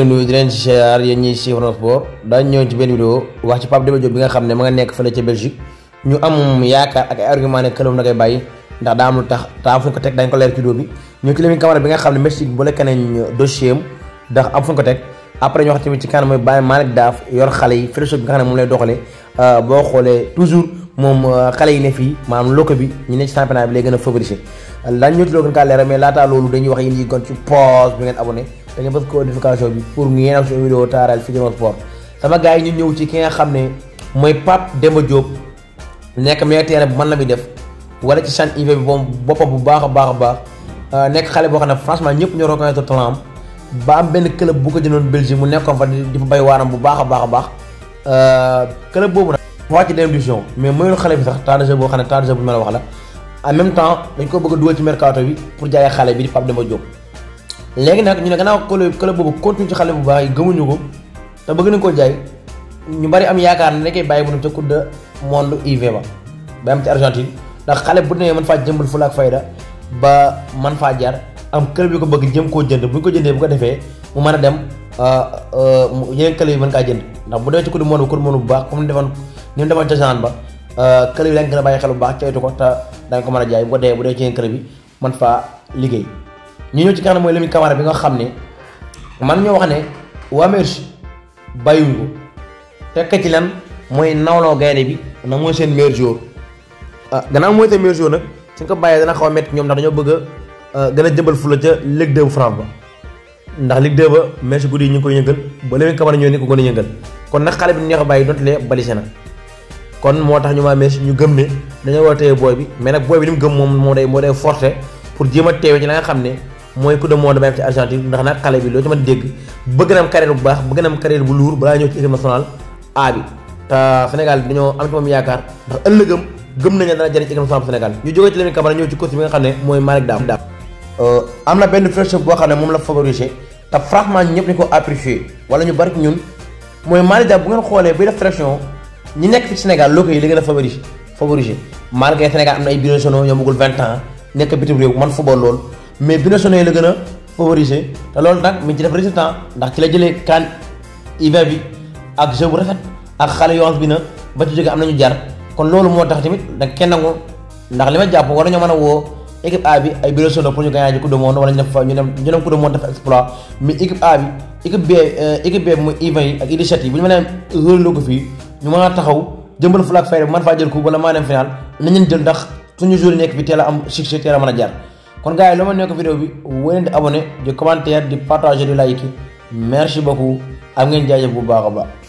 leen nuyu di leen siyaar yéen ñiy suivre sport daañu ñëw ci benn vidéo wax ci Pape Demba Diop bi nga xam ne ma nga nekk fële ca Belgique ñu am yaakaar ak ay argument ne këlum na koy bàyyi ndax daa am lu tax daa am fu ñu ko teg bi ñëw ci Lamine Camara bi nga après ñu wax tamit ci kanam mooy Baye Malick Daaf yor xale yi philosophie bi nga xam ne moom lay doxalee euh, boo xoolee toujours moom euh, xale yi ne fii maanaam loko bi ñu ne ci championnat bi lay gën a favoriser daañu ñëw ci loolu gën kaa leeral mais da ngeen bës ko notification bi pour ngeen am suñu vidéo taaral fii sport sama gars yi ñu ñëw ci ki nga xam ne mooy Pape Demba jóob nekk meilleur terrain bu mën la muy def wala ci CHAN UV bi moom boppam bu baax a baax a baax euh, nekk xale boo xam ne franchement ñëpp ñoo reconnaître talent ba am benn club bu ko jëndoon Belgique mu nekkoon fa di fa bay waaram bu baax a baax a baax euh, club boobu nag. wàcc ci deuxième division mais mooyul xale boo xam ne temps de jeu bu ñu a wax la en même temps dañ ko bëgg a dugal ci mercato bi pour jaayee xale bi di Pape Demba léegi nag ñu ne gannaaw club boobu continue ci xale bu baax yi gëmuñu ko te bëgg nañ koo jaay ñu bari am yaakaar ne nekkee bàyyi bu nu ca coupe de monde UV ba ndax xale bu ne mën faa jëmbal fulla ak fayda ba man faa jaar am club yu ko bëgg jëm koo jënd bu ko jëndee bu ko defee mu mën a dem euh, euh, yeneen club yi mën kaa jënd ndax bu demee ci coupe du monde coupe bu baax comme ni defoon ni mu defoon ca Jeanne ba euh, club yi xel bu baax caytu ko te danga ko mën a jaay bu dee bu dee ci yeneen club yi man faa liggéey ñu ñëw ci kanam mooy Lamine Camara bi nga xam ne man ñoo wax ne waa Merch bàyyiwuñ ko fekk ci lan mooy nawloo gaynde bi na mooy seen meilleur joueur ah gannaaw mooy seen meilleur joueur nag suñ ko bàyyee dana xaw a ñoom ndax dañoo bëgg a ah, gën fula ca Ligue 2 bu France ba ndax Ligue 2 ba Merch guddi ñu ngi koy yëngal ba Lamine Camara ñëw ni ko gën a yëngal kon na xale bi neex a bàyyi donte lee na kon moo tax ñu maa Merch ñu gëm ne dañoo war a téye booy bi mais nag booy bi ni mu gëm moom moo day moo day pour jéem a teewe ci la nga xam ne mooy coupe du monde ba am na am carrière bu baax bëgg na am carrière bu luur balaa ñëw ci équipe bi te Sénégal dañoo am ci moom yaakaar gëm nañu dana jëriñ ci équipe ñu jógee ci Lamine Camara ñëw ci coach bi nga xam euh, am na benn fraîcheur boo xam ne moom la favoriser te franchement ñëpp ñu ko apprécier wala ñu bari ñun mooy Malick Daf bu ngeen xoolee buy def sélection ñi nekk fi Sénégal locaux yi la gën a favoriser favoriser malgré Sénégal am na ay binationaux ñoo bëggul 20 ans nekk bitim réew man football loolu mais binationaux yi la gën a favoriser te loolu nag mi ci def résultat ndax ci la jëlee kan hiver bi ak jeu bu rafet ak xale bi na ba ci jóge am nañu jar kon loolu moo tax tamit da kenn ndax li ma jàpp war nañoo mën a woo équipe A bi ay binationaux pour ñu gagné ji coupe du monde wala ñu def ñu dem ñu dem coupe du monde def exploit mais euh, ak U17 yi bu ñu mën ko fii ñu mën a taxaw jëmbal flag fay bi mën faa jël ko wala maa dem final nañ leen jël ndax suñu jour nekk fi teel a am succès teel a mën a jar kon gars yi lu ma nekk vidéo bi wéy di abonné di commentaire di partager di like merci beaucoup am ngeen jaajëf bu baax a baax.